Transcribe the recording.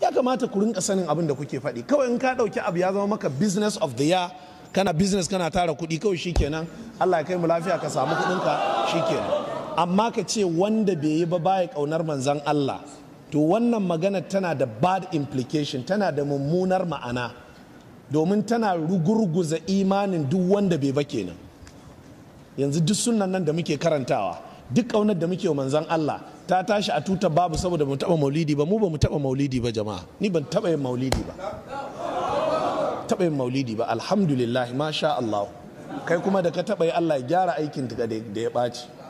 ya kamata ku rinka sanin abin da kuke faɗi kawai in ka ɗauki abu ya zama maka business of the year kana business kana tara kuɗi kawai shikenan Allah ya kai mu lafiya ka samu kuɗinka shikenan amma ka ce wanda bai yi ba baya kaunar manzan Allah to wannan magana tana da bad implication tana da mummunar ma'ana domin tana rugurguza imanin duk wanda bai ba kenan yanzu duk sunan nan da muke karantawa duk kaunar da muke wa manzan Allah ta tashi a tuta babu saboda mu taba maulidi ba mu ba mu taba maulidi ba jama'a ni ban taba yin maulidi ba taba yin maulidi ba alhamdulillah masha Allah kai kuma da ka taba yi Allah ya gyara aikin da ya ɓaci